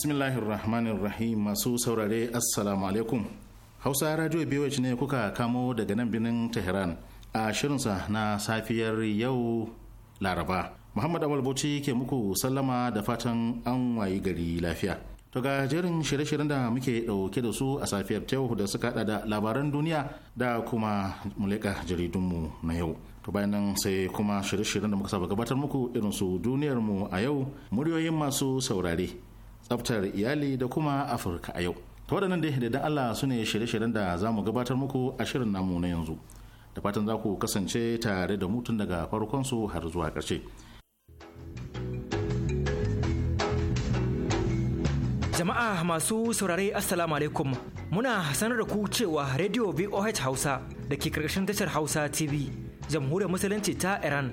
bismillahirrahmanirrahim rahim masu saurare assalamu alaikum hausa radio bewich ne kuka kamo daga nan birnin tehran a shirinsa na safiyar yau laraba muhammad awal bauchi ke muku sallama da fatan an wayi gari lafiya to ga jerin shirye-shiryen da muke dauke da su a safiyar ta da suka haɗa da labaran duniya da kuma mulika jaridunmu na yau to bayan nan sai kuma shirye-shiryen da muka saba gabatar muku irin su duniyarmu a yau muryoyin masu saurare tsabtar iyali da kuma afirka a yau ta waɗannan dai da allah su ne shirye-shiryen da za mu gabatar muku a shirin namu na yanzu da fatan za ku kasance tare da mutun daga farkon har zuwa ƙarshe jama'a masu saurare assalamu alaikum muna sanar da ku cewa radio voh hausa da ke karkashin tashar hausa tv jamhuriyar musulunci ta iran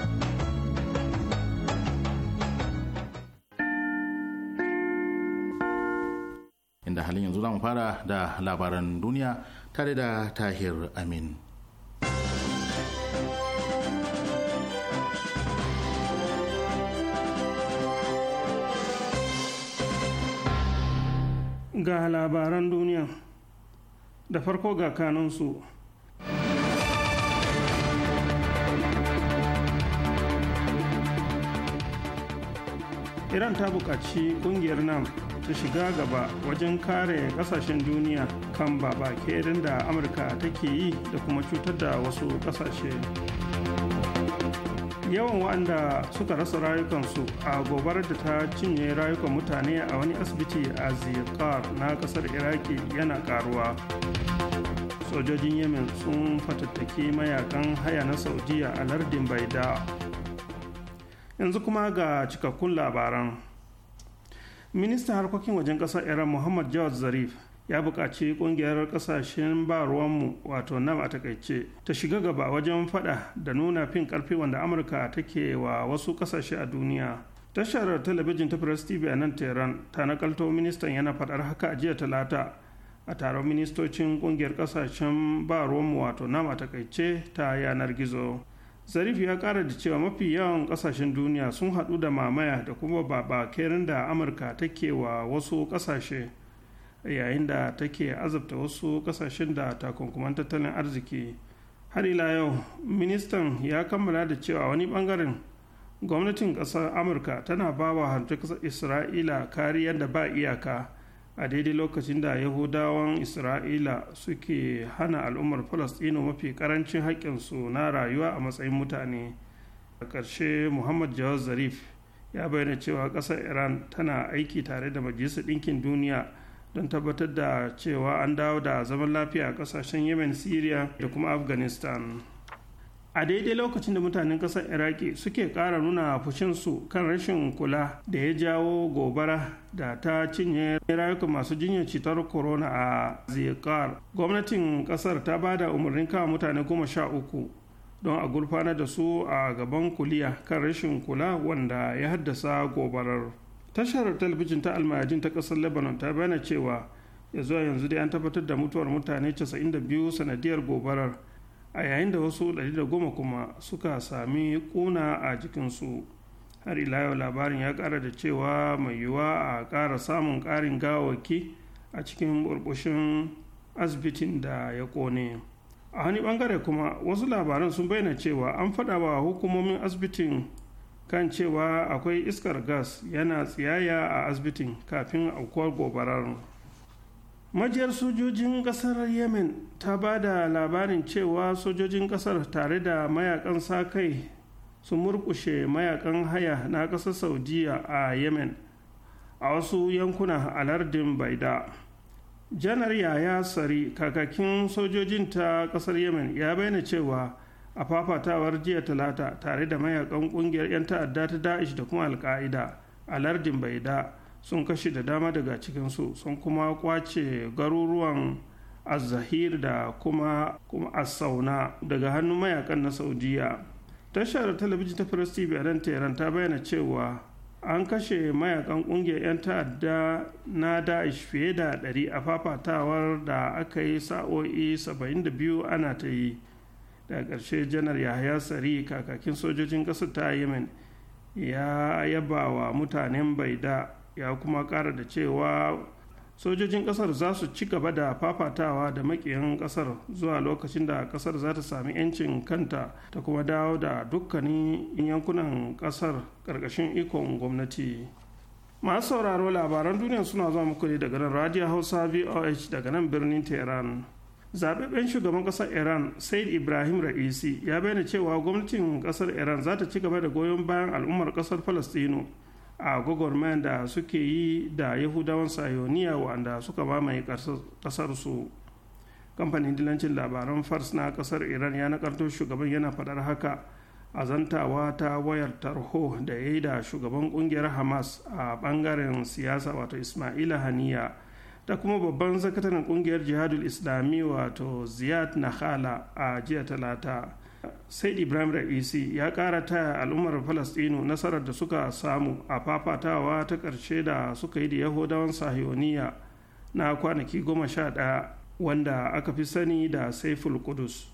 inda halin yanzu zamu fara da labaran duniya tare da tahir amin ga labaran duniya da farko ga kanansu iran ta buƙaci ƙungiyar nan su shiga gaba wajen kare kasashen duniya kan kerin da amurka take yi da kuma cutar da wasu kasashe yawan waɗanda suka rasa rayukansu a gobar da ta cinye rayukan mutane a wani asibiti a zikar na ƙasar iraki yana ƙaruwa sojojin yemen sun fatattaki mayakan haya na saudiya a lardin baida yanzu kuma ga cikakkun labaran ministan harkokin wajen ƙasar iran muhammad jawad zarif ya buƙaci ƙungiyar ƙasashen ba ruwanmu wato nam a takaice ta shiga gaba wajen faɗa da nuna fin ƙarfi wanda amurka take wa wasu ƙasashe a duniya tashar talabijin ta press tv a nan tehran ta nakalto ministan yana faɗar haka a jiya talata a taron ministocin ƙungiyar ƙasashen ba ruwanmu wato nam a takaice ta yanar gizo zarif ya kara da cewa mafi yawan kasashen duniya sun haɗu da mamaya da kuma kerin da amurka take wa wasu kasashe yayin da take azabta wasu kasashen da takunkuman tattalin arziki har ila yau ministan ya kammala da cewa wani bangaren gwamnatin ƙasar amurka tana ba wa isra'ila kariyar da ba iyaka a daidai lokacin da yahudawan isra'ila suke hana al'ummar falastino mafi karancin haƙƙinsu na rayuwa a matsayin mutane a ƙarshe muhammad jawaz zarif ya bayyana cewa ƙasar iran tana aiki tare da majalisar ɗinkin duniya don tabbatar da cewa an dawo da zaman lafiya a ƙasashen yemen syria da kuma afghanistan a daidai lokacin da mutanen ƙasar iraki suke ƙara nuna fushinsu kan rashin kula da ya jawo gobara da ta cinye rayuka masu jinyar cutar corona a zikar gwamnatin ƙasar ta ba da umarnin kawo mutane goma sha uku don a gurfanar da su a gaban kuliya kan rashin kula wanda ya haddasa gobarar tashar talabijin ta almajin ta ƙasar lebanon ta bayyana cewa ya zuwa yanzu dai an tabbatar da mutuwar mutane 92 sanadiyar gobarar a yayin da wasu ɗari da goma kuma suka sami ƙuna a jikinsu har ila yau labarin ya ƙara da cewa mai yiwuwa a ƙara samun karin gawaki a cikin burbushin asibitin da ya ƙone. a wani bangare kuma wasu labaran sun bayyana cewa an faɗa wa hukumomin asibitin kan cewa akwai iskar gas yana tsiyaya a asibitin kafin aukuwar gobarar majiyar sojojin kasar yemen ta ba da labarin cewa sojojin kasar tare da mayakan sa-kai sun murkushe mayakan haya na kasar saudiya a yemen a wasu yankuna a lardin baida janar yaya sari kakakin sojojin ta kasar yemen ya bayyana cewa a fafatawar jiya talata tare da mayakan kungiyar 'yan ta'adda ta da'ish da kuma alka'ida a lardin baida sun kashe da dama daga cikinsu sun kuma kwace garuruwan azahir da kuma kuma asauna daga hannun mayakan na saudiya tashar talabijin ta first tv a teran ta bayyana cewa an kashe mayakan kungiyar 'yan ta'adda na da'ish fiye da 100 a fafatawar da aka yi sa'o'i 72 ana ta yi daga ƙarshe janar yahaya sari kakakin sojojin ƙasar ta yemen ya yaba wa mutanen baida ya kuma kara da cewa sojojin ƙasar za su ci gaba da fafatawa da makiyan ƙasar zuwa lokacin da ƙasar za ta sami 'yancin kanta ta kuma dawo da dukkanin yankunan ƙasar ƙarƙashin ikon gwamnati masu sauraro labaran duniya suna zuwa muku ne daga nan radio hausa voh daga nan birnin tehran zaɓaɓɓen shugaban ƙasar iran said ibrahim ra'isi ya bayyana cewa gwamnatin ƙasar iran za ta ci gaba da goyon bayan al'ummar ƙasar falastinu a gwagwarmayar da suke yi da yahudawan sayoniya wanda suka mamaye ƙasarsu kamfanin dilancin labaran fars na ƙasar iran ya nakarto shugaban yana faɗar haka a zantawa ta wayar tarho da ya yi da shugaban ƙungiyar hamas a ɓangaren siyasa wato ismaila haniya da kuma babban sakataren ƙungiyar jihadul islami wato ziyad nahala a jiya talata sai ibrahim ra'isi ya kara taya al'ummar falastinu nasarar da suka samu a fafatawa ta ƙarshe da suka yi da yahudawan sahiyoniya na kwanaki goma sha ɗaya wanda aka fi sani da saiful kudus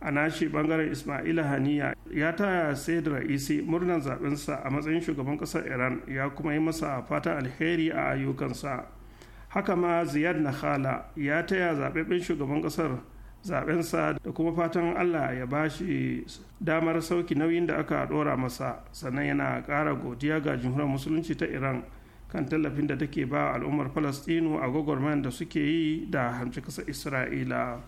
a nashi bangaren ismaila haniya ya taya said ra'isi murnar zaɓensa a matsayin shugaban ƙasar iran ya kuma yi masa fata alheri a ayyukansa haka ma ziyad nakhala ya taya zaɓaɓɓen shugaban ƙasar zaɓensa da kuma fatan allah ya ba shi damar sauki nauyin da aka ɗora masa sannan yana ƙara godiya ga jimhuriyar musulunci ta iran kan tallafin da take ba al'ummar falastinu a gwagwarmayar da suke yi da hamci ƙasar isra'ila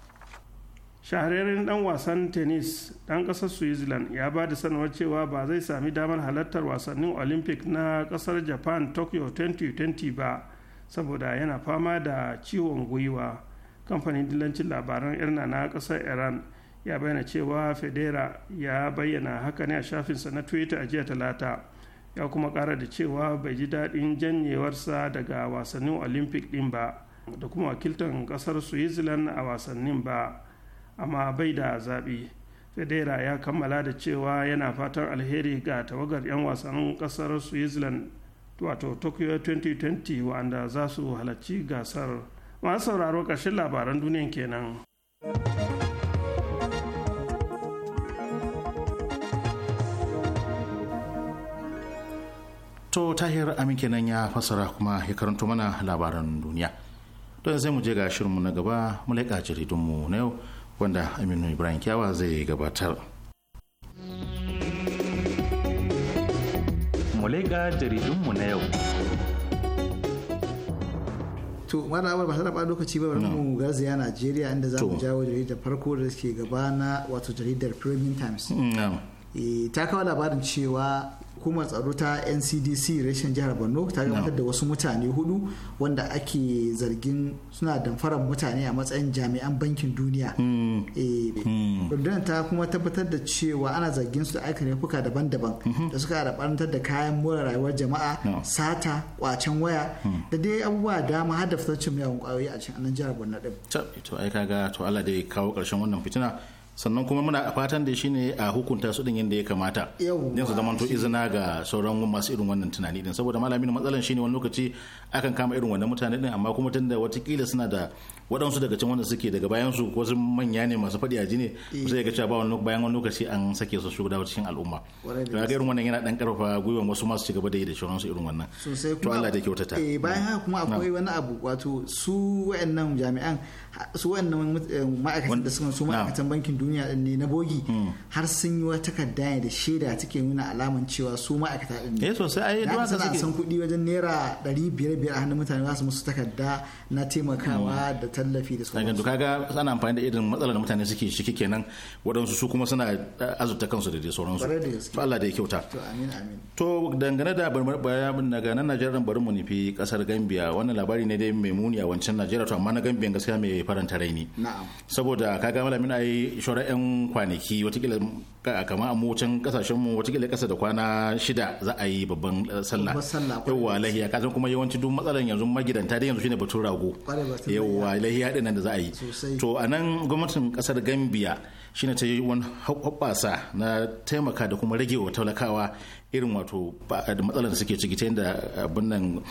shahararren dan wasan tennis dan kasar switzerland ya ba da sanarwar cewa ba zai sami damar halartar wasannin olympic na kasar japan tokyo 2020 ba saboda yana fama da ciwon gwiwa kamfanin dillancin labaran irna na ƙasar iran ya bayyana cewa federa ya bayyana haka ne a shafinsa na twitter a jiya talata ya kuma kara da cewa bai ji daɗin janyewarsa daga wasannin olympic ɗin ba da kuma wakiltar ƙasar switzerland a wasannin ba amma bai da zaɓi federa ya kammala da cewa yana fatan alheri ga tawagar 'yan wasannin ƙasar switzerland wato tokyo 2020 wa'anda za su halarci gasar masu sauraro ƙarshen labaran duniyan kenan. To tahir amin kenan ya fassara kuma ya karanto mana labaran duniya. Don zai mu je ga shirinmu na gaba mulaika jaridunmu na yau wanda Aminu Ibrahim Kyawa zai gabatar. Mu jaridunmu na yau. to mara abar ba ta lokaci ba bari mu garzaya Najeriya inda za mu jawo jaridar farko da ke gaba na wato jaridar Premium Times mm, eh, ta kawo labarin cewa hukumar tsaro ta ncdc reshen jihar borno ta gabatar da wasu mutane hudu wanda ake zargin suna damfarar mutane a matsayin jami'an bankin duniya hmm. Eh, hmm. rundunar ta kuma tabbatar da cewa ana zargin su da aikin laifuka daban-daban hmm. da suka rabarantar da kayan more rayuwar jama'a sata kwacen waya da dai abubuwa dama har da fitaccen miyagun kwayoyi a cikin jihar borno din to ai kaga to Allah dai kawo karshen wannan fitina sannan kuma muna fatan da shi ne a hukunta su din yadda ya kamata yau su zamanto izina ga sauran masu irin wannan tunani din saboda malamin matsalan ne wani lokaci akan kama irin wannan mutane din amma kuma tunda watakila suna da waɗansu daga can wanda suke daga bayan su wasu manya ne masu faɗi ji ne eh. zai ga cewa bayan wani lokaci an sake su shiga cikin al'umma ga irin wannan yana dan karfafa gwiwan wasu masu cigaba da yi da sauransu irin wannan to Allah da kyautata eh, bayan haka kuma akwai wani abu wato su wayannan jami'an su wannan ma'aikatan da suka su ma'aikatan bankin duniya din ne na bogi hmm. har sun yi wata takarda da shaida take nuna alaman cewa su ma'aikata din ne. Eh sai ai duwa suke. san kuɗi wajen naira ɗari biyar biyar a hannun mutane za su musu takarda na taimakawa hmm. da tallafi da su. Daga duka ga ana amfani da irin matsalar da mutane suke ciki kenan waɗansu su kuma suna eh, azurta kansu da dai sauransu. To Allah da ya kyauta. To amin amin. To dangane da bayan daga nan Najeriya bari mu nufi kasar Gambia wannan labari ne dai mai muni a wancan Najeriya to amma na Gambia gaskiya mai ya faranta raini saboda kaga mina yi shora yan kwanaki watakila kama a mocin kasashen mu watakila kasa da kwana shida za a yi babban eh, sallah yawwa lahiya kasan kuma yawanci duk matsalan yanzu magidanta dai yanzu shine batun rago yawwa lahiya din da za a yi to a nan gwamnatin kasar gambia shine ta yi wani hoɓɓasa na taimaka da kuma rage wa talakawa irin wato matsalar da suke ciki ta yadda abin nan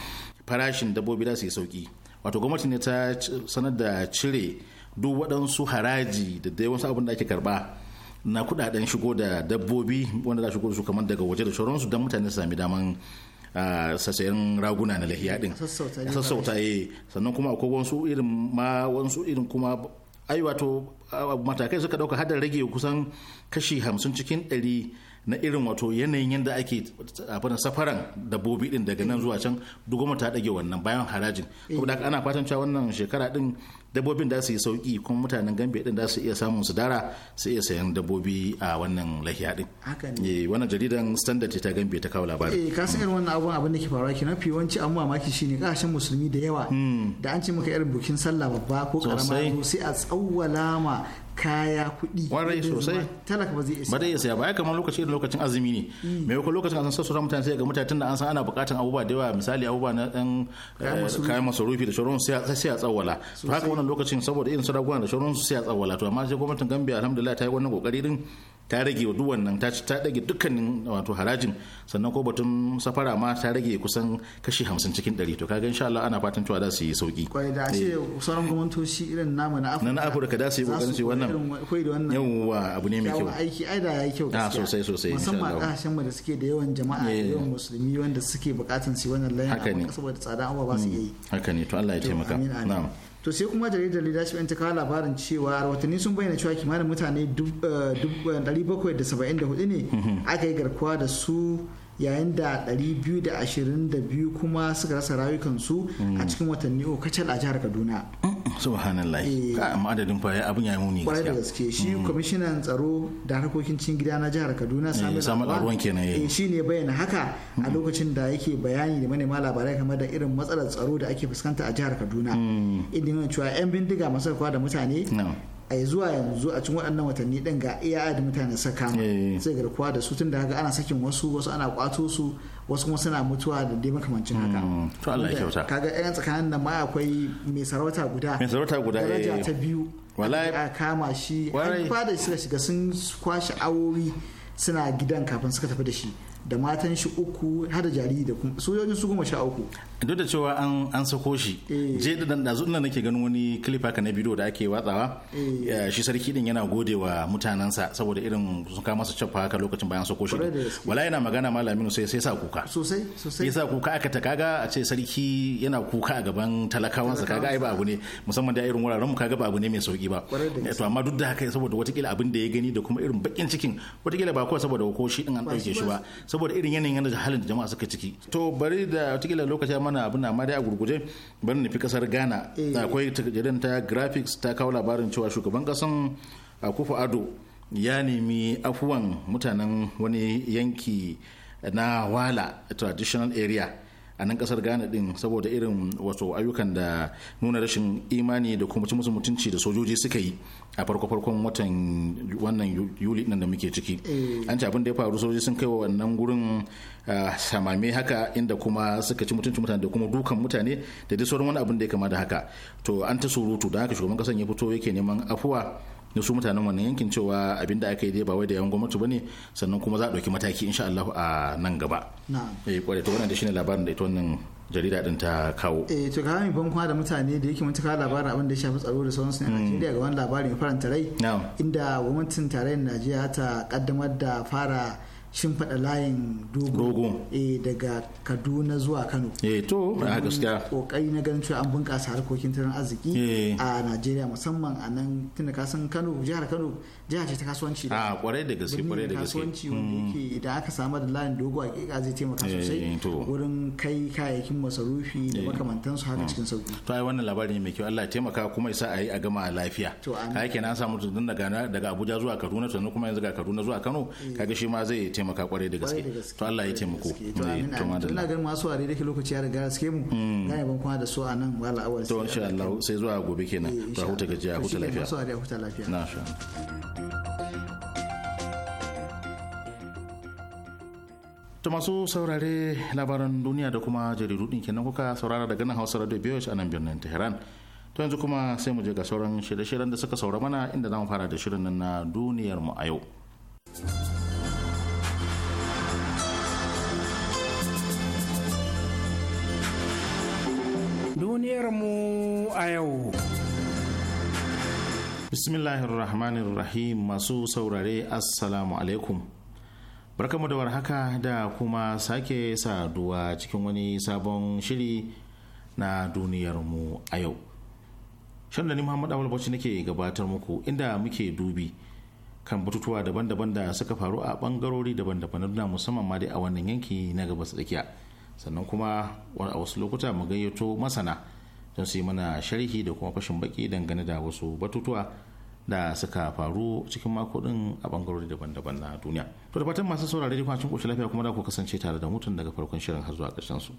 farashin dabbobi da su yi sauki wato gwamnati ne ta sanar da cire duk waɗansu haraji da dai wasu abin da ake karba na kudaden shigo da dabbobi wanda za shigo da su kamar daga waje da sauransu don mutane su sami daman sassayen raguna na lahiya din sassauta yi eh. sannan kuma akwai wasu irin ma wasu irin kuma ai wato matakai suka dauka hadar rage kusan kashi hamsin cikin ɗari na irin wato yanayin yadda ake abin safaran dabbobi din daga nan zuwa can duk ta dage wannan bayan harajin saboda ana fatan cewa wannan shekara din dabbobin da su yi sauki kuma mutanen gambe din da su iya samun su dara su iya sayan dabbobi a wannan lahiya din haka ne eh, wannan jaridan standard ta gambe ta kawo labarin eh ka san irin wannan abun abin da ke faruwa kenan fi wanci an mamaki shine kashin musulmi da yawa hmm. da an ce muka irin bukin sallah babba ko karama sai a tsawwala ma kaya kuɗi warai sosai talaka ba zai isa ba dai isa ba ai kamar lokaci da lokacin azumi ne me hmm. yau lokacin an san sauran mutane sai ga mutane tunda an san ana buƙatan abubuwa da yawa misali abubuwa na dan eh, kayan masarufi da shoron sai a tsawwala haka wannan lokacin saboda irin sarakuna da shauran su sai a tsawala to amma sai gwamnatin Gambia alhamdulillah ta yi wannan kokari din ta rage duk wannan ta ta dage dukkanin wato harajin sannan ko batun safara ma ta rage kusan kashi 50 cikin 100 to kaga insha Allah ana fatan cewa za su yi sauki kwai da ce eh. sauran gwamnatoci irin namu na Afirka na Afirka da su yi kokarin su wannan yawa abu ne mai kyau aiki ai da yayi kyau ah, gaskiya sosai sosai musamman kasashen mu da suke da yawan jama'a da eh. yawan musulmi wanda suke bukatun su wannan layin saboda tsada abubuwa ba su hmm. yi haka ne to Allah ya taimaka na'am to sai kuma jaridar leadership ta kawo labarin cewa rahotanni sun bayyana cewa kimanin mutane 774 eh, eh, ne mhm. aka yi garkuwa da su yayin da 222 kuma suka rasa rayukansu a cikin watanni uku kacal a jihar kaduna subhanallah eh. ka amma adadin fa ya abun ya muni kwarai da gaske shi mm. kwamishinan tsaro da harkokin cikin gida na jihar kaduna eh, sami ruwan kenan yayi eh. shi ne bayyana haka a lokacin da yake bayani da manema labarai kamar da irin matsalar tsaro da ake fuskanta a jihar kaduna mm. idan cewa yan bindiga masu da mutane a zuwa yanzu a cikin waɗannan watanni ɗin ga iya da mutane saka sai eh. garkuwa da su tunda haka ana sakin wasu wasu ana kwato su wasu kuma suna mutuwa da dai makamancin haka hmm. to Allah ya kyauta kaga ɗayan tsakanin nan ma akwai mai sarauta guda mai sarauta guda daraja eh. ta biyu wallahi a kama shi an fada suka shiga sun kwashi awowi suna gidan kafin suka tafi da shi da matan shi uku har da jariri da kuma sojojin su goma sha uku duk da cewa an an sako shi eh. je da dan dazu nake ganin wani clip haka na bidiyo da ake watsawa eh. shi sarki din yana gode wa mutanansa saboda irin sun kama masa cefa haka lokacin bayan sako shi wala yana magana malamin sai sai sa kuka sosai sosai yasa kuka aka ta kaga a ce sarki yana kuka a gaban talakawansa kaga ai ba abu ne musamman da irin wuraren mu kaga ba abu ne mai sauki ba to amma duk da haka saboda watakila abin da ya gani da kuma irin bakin cikin watakila ba ko saboda ko shi din an dauke shi ba saboda irin yanayin yanayin halin da jama'a suka ciki to bari da watakila lokaci mana abin amma dai a gurguje bari nufi kasar ghana eh. akwai takardun ta graphics ta kawo labarin cewa shugaban kasan akufa ado ya nemi afuwan mutanen wani yanki na wala traditional area a nan kasar ghana din saboda irin wato ayyukan da nuna rashin imani da kuma ci musu mutunci da sojoji suka yi a farko farkon watan wannan yuli din da muke ciki eh. an ce abin da ya faru sojoji sun kai wa wannan gurin samame haka inda kuma suka ci mutuncin mutane da kuma dukan mutane da dai sauran wani abin da ya kama da haka to an ta surutu da haka shugaban kasan ya fito yake neman afuwa na su mutanen wannan yankin cewa abin da aka yi dai ba wai da yan gwamnati ne sannan kuma za a ɗauki mataki insha Allah a nan gaba eh kwarai to wannan da shine labarin da ita wannan jarida din ta kawo eh to ka mun kuma da mutane da yake mutaka labarin abin da ya shafi tsaro da sauransu ne a hmm. Najeriya ga wannan labarin faranta rai inda gwamnatin tarayyar Najeriya ta kaddamar da fara shin shimfiɗa layin dogo eh, daga kaduna zuwa kano eh, to a gaskiya kokari na ganin cewa an bunƙasa harkokin tattalin arziki eh. a najeriya musamman a nan tunda kasan kano jihar kano jiha ce ta kasuwanci da ah, kwarai da gaske kwarai da gaske kasuwanci wanda hmm. yake da aka samu da layin dogo a kika zai taimaka eh, sosai eh, wurin kai kayayyakin masarufi da eh. makamantansu haka hmm. cikin sauki to ai wannan labari ne mai kyau Allah ya taimaka kuma ya sa a yi a gama lafiya kai kenan an samu da daga daga Abuja zuwa Kaduna sannan kuma yanzu ga Kaduna zuwa Kano kaga shi ma zai taimaka kwarai da gaske to Allah ya taimako to ina ganin masu ware da lokaci ya riga gaske mu ga hmm. yaban kuma da su a nan wala awal to insha Allah sai zuwa gobe kenan ba huta gajiya huta lafiya na sha To masu saurare labaran duniya da kuma jaridu ɗin kenan kuka saurara daga nan Hausa Radio BH a nan birnin Tehran. To yanzu kuma sai mu je ga sauran shirye-shiryen da suka saura mana inda mu fara da shirin nan na duniyar mu a yau. Duniyar mu a yau. Bismillahirrahmanirrahim masu saurare Assalamu alaikum. barkamu da warhaka da kuma sake saduwa cikin wani sabon shiri na duniyarmu a yau shan da ni muhammadu awal nake gabatar muku inda muke dubi kan batutuwa daban-daban da suka faru a bangarori daban-daban na duniya musamman ma dai a wannan yanki na gabas tsakiya sannan kuma a wasu lokuta mu gayyato masana don su yi mana sharhi da kuma fashin baki dangane da wasu batutuwa da suka faru cikin mako a bangarori daban-daban na duniya to da fatan masu saurare da kwacin koshin lafiya kuma da ku kasance tare da mutum daga farkon shirin har zuwa ƙarshen su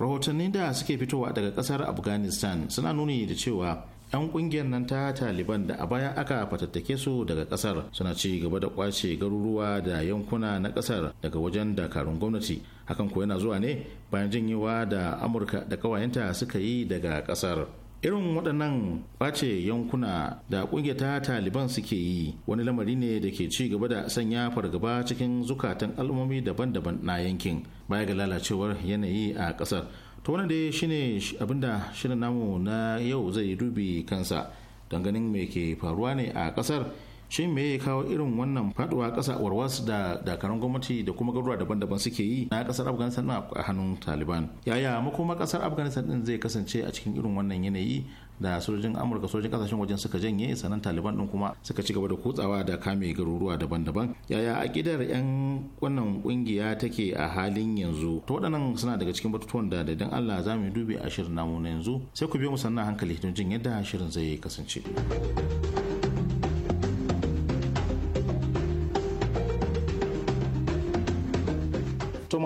rahotanni da suke fitowa daga kasar afghanistan suna nuni da cewa 'yan kungiyar nan ta taliban da a baya aka fatattake su daga kasar suna ci gaba da kwace garuruwa da yankuna na kasar daga wajen dakarun gwamnati hakan ko yana zuwa ne bayan janyewa da amurka da kawayenta suka yi daga kasar irin waɗannan ɓace yankuna da ƙungiyar ta taliban suke yi wani lamari ne da ke ci gaba da sanya fargaba cikin zukatan al'ummomi daban-daban na yankin baya ga lalacewar yanayi a ƙasar to wannan dai shine abinda shirin namu na yau zai dubi kansa don ganin me ke faruwa ne a ƙasar shin me ya kawo irin wannan faduwa ƙasa warwas da dakarun gwamnati da kuma garuruwa daban-daban suke yi na ƙasar afghanistan a hannun taliban yaya makoma ƙasar afghanistan din zai kasance a cikin irin wannan yanayi da sojojin amurka sojojin kasashen wajen suka janye sanan taliban din kuma suka ci gaba da kutsawa da kame garuruwa daban-daban yaya akidar yan wannan kungiya take a halin yanzu to waɗannan suna daga cikin batutuwan da da allah za mu dubi a shirin namu na yanzu sai ku biyo mu sannan hankali don jin yadda shirin zai kasance.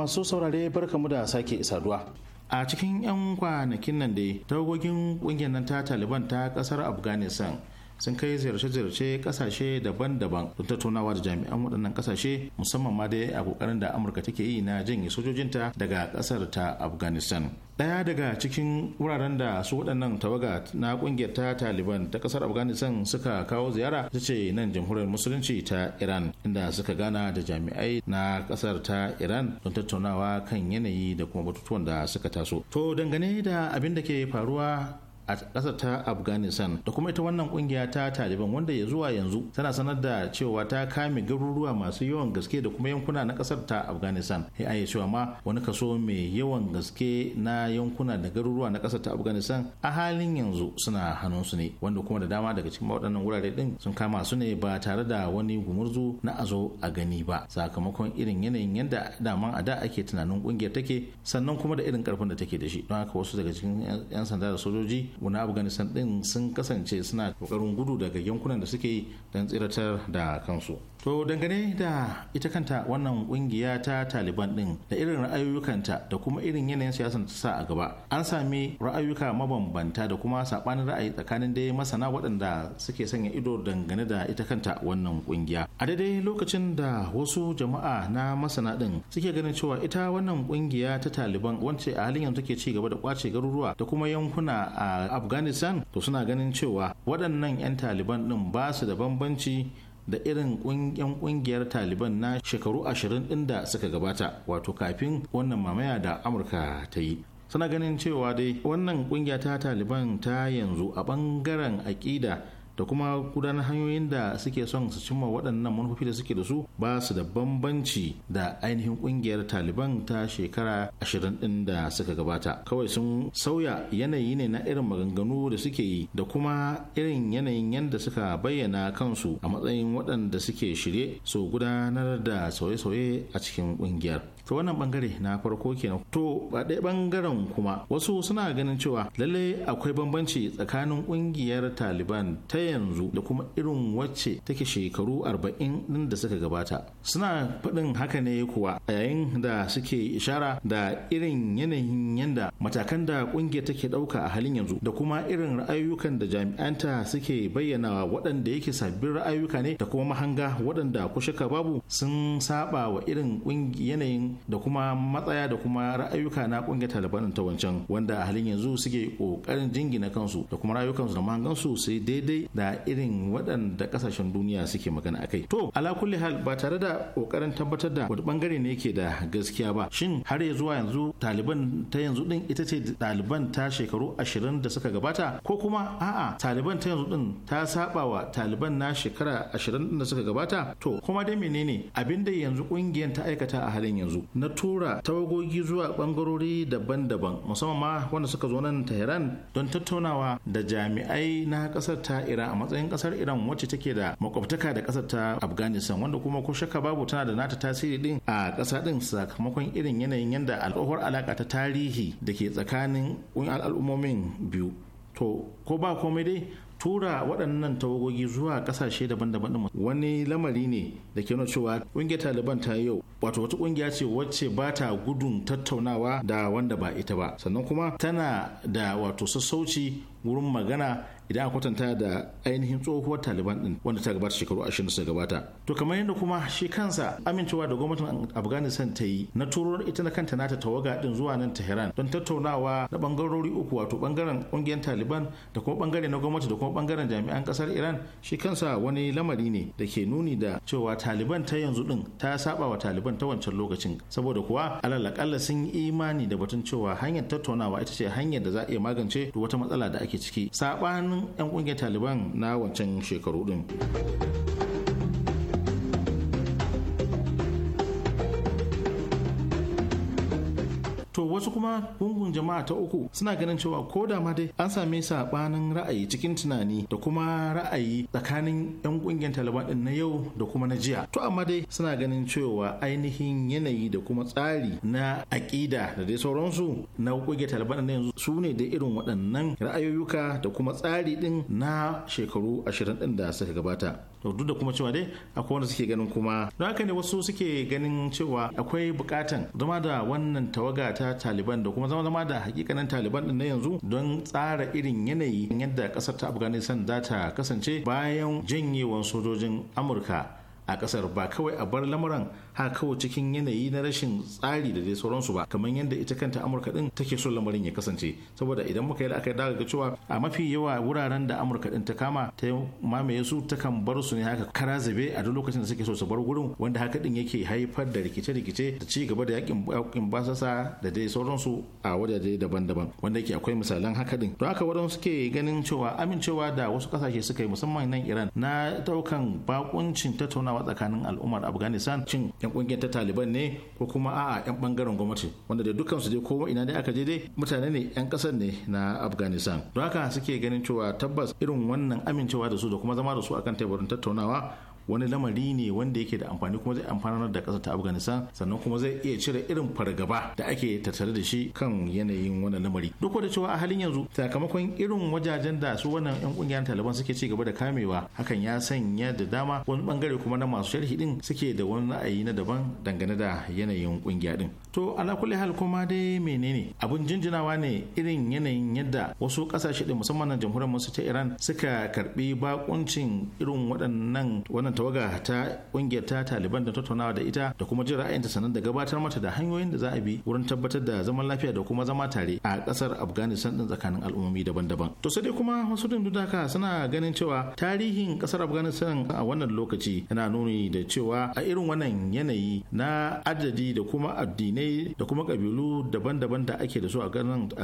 masu saurare barkamu da sake saduwa a cikin 'yan kwanakin nan dai tawagogin kungiyar nan ta taliban ta kasar afghanistan sun kai ziyarce-ziyarce kasashe daban-daban don tattaunawa da jami'an waɗannan kasashe musamman ma dai a kokarin da amurka take yi na janye sojojinta daga ƙasar ta afghanistan ɗaya daga cikin wuraren da su waɗannan tawaga na ƙungiyar ta taliban ta ƙasar afghanistan suka kawo ziyara ta ce nan jamhuriyar musulunci ta iran inda suka gana da jami'ai na ƙasar ta iran don tattaunawa kan yanayi da kuma batutuwan da suka taso to dangane da abin da ke faruwa a ƙasar ta afghanistan da kuma ita wannan kungiya ta taliban wanda ya zuwa yanzu tana sanar da cewa ta kame garuruwa masu yawan gaske da kuma yankuna na ƙasar ta afghanistan ya aye cewa ma wani kaso mai yawan gaske na yankuna da garuruwa na ƙasar ta afghanistan a halin yanzu suna hannunsu ne wanda kuma da dama daga cikin waɗannan wurare ɗin sun kama su ne ba tare da wani gumurzu na azo a gani ba sakamakon irin yanayin yadda daman a da ake tunanin kungiyar take sannan kuma da irin ƙarfin da take da shi don haka wasu daga cikin 'yan sanda da sojoji wani afghanistan din sun kasance suna kokarin gudu daga yankunan da suke don tsiratar da kansu To dangane da ita kanta wannan kungiya ta Taliban din da irin ra'ayoyukanta da kuma irin yanayin siyasar ta sa a gaba. An sami ra'ayoyuka mabambanta da kuma sabanin ra'ayi tsakanin dai masana waɗanda suke sanya ido dangane da ita kanta wannan kungiya. A daidai lokacin da wasu jama'a na masana din suke ganin cewa ita wannan kungiya ta Taliban wacce a halin yanzu take ci gaba da kwace garuruwa da kuma yankuna a Afghanistan to suna ganin cewa waɗannan 'yan Taliban din ba su da bambanci da irin yan kungiyar taliban na shekaru ashirin ɗin da suka gabata wato kafin wannan mamaya da amurka ta yi suna ganin cewa dai wannan kungiya ta taliban ta yanzu a bangaren aƙida da kuma gudanar hanyoyin da suke son su cimma waɗannan manufofi da suke da su ba su da bambanci da ainihin ƙungiyar taliban ta shekara ashirin ɗin da suka gabata kawai sun sauya yanayi ne na irin maganganu da suke yi da kuma irin yanayin yadda suka bayyana kansu a matsayin waɗanda suke shirye su gudanar da sauye-sauye a cikin ƙungiyar ta wannan bangare na farko kenan to a ɗaya bangaren kuma wasu suna ganin cewa lalle akwai bambanci tsakanin ƙungiyar taliban ta yanzu da kuma irin wacce take shekaru arba'in nan da suka gabata suna faɗin haka ne kuwa a yayin da suke ishara da irin yanayin yanda matakan da kungiyar take ɗauka a halin yanzu da kuma irin ra'ayyukan da jami'anta suke bayyana waɗanda yake sabbin ra'ayyuka ne da kuma mahanga waɗanda kushaka babu sun saba wa irin yanayin da kuma matsaya da kuma ra'ayuka na kungiyar taliban ta wancan wanda a halin yanzu suke kokarin jingina kansu da kuma rayukansu da su sai daidai da irin waɗanda kasashen duniya suke magana akai to ala kulli hal ba tare da kokarin tabbatar da wani bangare ne yake da gaskiya ba shin har ya zuwa yanzu taliban ta yanzu din ita ce taliban ta shekaru ashirin da suka gabata ko kuma a'a taliban ta yanzu din ta saba wa taliban na shekara ashirin da suka gabata to kuma dai menene abin da yanzu kungiyar ta aikata a halin yanzu na tura tawagogi zuwa bangarori daban-daban musamman ma wanda suka zo nan Tehran don tattaunawa da jami'ai na kasar ta Iran a matsayin kasar Iran wacce take da makwabtaka da kasar ta Afghanistan wanda kuma ko shakka babu tana da nata tasiri din a kasa din sakamakon irin yanayin yadda al'ummar alaka ta tarihi da ke tsakanin al'ummomin biyu to ko ba komai dai tura waɗannan tawagogi zuwa ƙasashe daban-daban wani lamari ne da ke nuna cewa ƙungiyar taliban ta yau wato wata ƙungiya ce wacce ba ta gudun tattaunawa da wanda ba ita ba sannan kuma tana da wato sassauci wurin magana idan a kwatanta da ainihin tsohuwar taliban din wanda ta gabata shekaru 20 da gabata to kamar yadda kuma shi kansa amincewa da gwamnatin afghanistan ta yi na turo ita na kanta nata tawaga din zuwa nan tehran don tattaunawa na bangarori uku wato bangaren kungiyar taliban da kuma bangare na gwamnati da kuma bangaren jami'an kasar iran shi kansa wani lamari ne da ke nuni da cewa taliban ta yanzu din ta saba wa taliban ta wancan lokacin saboda kuwa alal sun yi imani da batun cewa hanyar tattaunawa ita ce hanyar da za a iya magance duk wata matsala da ake ake ciki saɓanin 'yan ƙungiyar taliban na wancan shekaru din. wasu kuma gungun jama'a ta uku suna ganin cewa ko da ma dai an same sabanin ra'ayi cikin tunani da kuma ra'ayi tsakanin yan kungiyar taliban din na yau da kuma na jiya to amma dai suna ganin cewa ainihin yanayi da kuma tsari na aƙida da dai sauransu na kungiyar taliban na yanzu su ne da irin waɗannan ra'ayoyuka da kuma tsari din na shekaru ashirin din da suka gabata duk da kuma cewa dai akwai wanda suke ganin kuma don haka ne wasu suke ganin cewa akwai bukatan zama da wannan tawaga ta taliban da kuma zama-zama da hakikanin taliban din na yanzu don tsara irin yanayi yadda kasar ta afghanistan za ta kasance bayan janyewan sojojin amurka a kasar ba kawai a bar lamuran haka cikin yanayi na rashin tsari da dai sauransu ba kamar yadda ita kanta amurka din take so lamarin ya kasance saboda idan muka yi la'akari daga cewa a mafi yawa wuraren da amurka din ta kama ta mamaye su takan bar su ne haka kara zabe a duk lokacin da suke so su bar gurin wanda haka din yake haifar da rikice-rikice da ci gaba da yakin basasa da dai sauransu a wajaje daban-daban wanda yake akwai misalan haka din don haka wadansu suke ganin cewa amincewa da wasu kasashe suka yi musamman nan iran na daukan bakuncin tattaunawa tsakanin al'ummar afghanistan cin yan kungiyar ta taliban ne ko kuma a'a yan bangaren gwamnati wanda da dukkan su dai ko ina dai aka je dai mutane ne yan kasar ne na afghanistan don haka suke ganin cewa tabbas irin wannan amincewa da su da kuma zama da su akan teburin tattaunawa wani lamari ne wanda yake da amfani kuma zai amfanar da ƙasar ta afghanistan sannan kuma zai iya cire irin fargaba da ake tattare da shi kan yanayin wannan lamari duk da cewa a halin yanzu sakamakon irin wajajen da su wannan yan kungiyar taliban suke ci gaba da kamewa hakan ya sanya da dama wani bangare kuma na masu sharhi din suke da wani ra'ayi na daban dangane da yanayin kungiya din to kulli hal kuma dai menene abun jinjinawa ne irin yanayin yadda wasu kasashe da musamman na jamhuriyar musu ta iran suka karbi bakuncin irin waɗannan wannan tawaga ta ƙungiyar ta taliban da tattaunawa da ita da kuma jin ra'ayinta sannan da gabatar mata da hanyoyin da za a bi wurin tabbatar da zaman lafiya da kuma zama tare a kasar afghanistan din tsakanin al'ummomi daban-daban to sai dai kuma wasu din dudaka suna ganin cewa tarihin kasar afghanistan a wannan lokaci yana nuni da cewa a irin wannan yanayi na adadi da kuma addinai addinai da kuma kabilu daban-daban da ake da su a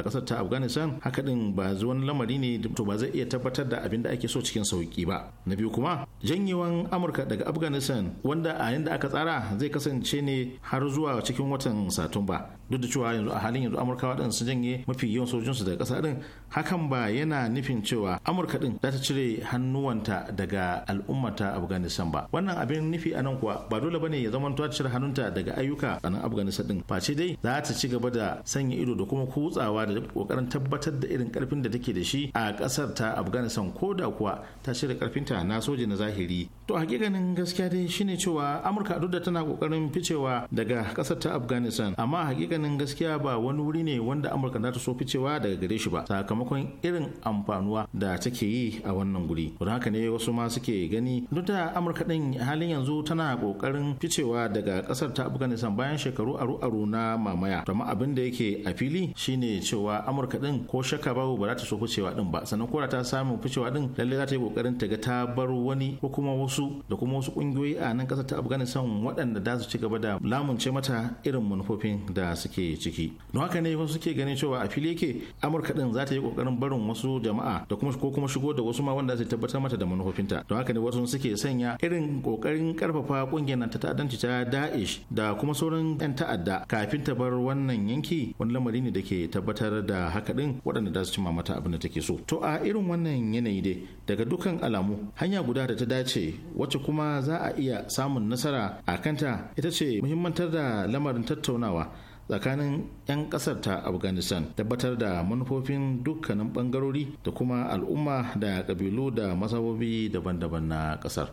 kasar ta afghanistan haka din ba wani lamari ne to ba zai iya tabbatar da abin da ake so cikin sauki ba na biyu kuma janyewan amurka daga afghanistan wanda a yanda aka tsara zai kasance ne har zuwa cikin watan satumba duk da cewa yanzu a halin yanzu amurkawa din sun janye mafi yawan sojojinsu daga kasa din hakan ba yana nufin cewa amurka din za ta cire hannuwanta daga al'ummata afghanistan ba wannan abin nufi a nan kuwa ba dole bane ya zama ta cire hannunta daga ayyuka a nan afghanistan din face dai za ta ci gaba da sanya ido da kuma kutsawa da kokarin tabbatar da irin karfin da take da shi a kasar ta afghanistan ko da kuwa ta cire karfinta na soja na zahiri to hakikanin gaskiya dai shine cewa amurka duk da tana kokarin ficewa daga kasar ta afghanistan amma hakikanin gaskiya ba wani wuri ne wanda amurka za ta so ficewa daga gare shi ba sakamakon irin amfanuwa da take yi a wannan guri don haka ne wasu ma suke gani duk da amurka din halin yanzu tana kokarin ficewa daga kasar ta afghanistan bayan shekaru aru aru na mamaya amma abin da yake a fili shine cewa amurka din ko shakka babu ba za ta so ficewa din ba sannan ko ta samu ficewa din lalle za ta yi kokarin ta ga ta bar wani ko kuma wasu wasu da kuma wasu kungiyoyi a nan kasar ta afghanistan waɗanda da su ci gaba da lamunce mata irin manufofin da suke ciki don haka ne wasu suke ganin cewa a fili yake amurka din za ta yi kokarin barin wasu jama'a da kuma ko kuma shigo da wasu ma wanda zai tabbatar mata da manufofinta don haka ne wasu suke sanya irin kokarin karfafa kungiyar nan ta ta'addanci ta da'ish da kuma sauran yan ta'adda kafin ta bar wannan yanki wani lamari ne da ke tabbatar da haka din waɗanda da su mata abin da take so to a irin wannan yanayi dai daga dukkan alamu hanya guda da ta dace wacce kuma za a iya samun nasara a kanta ita ce muhimmantar da lamarin tattaunawa tsakanin 'yan kasar ta afghanistan tabbatar da manufofin dukkanin bangarori da kuma al'umma da kabilu da masabobi daban-daban na kasar.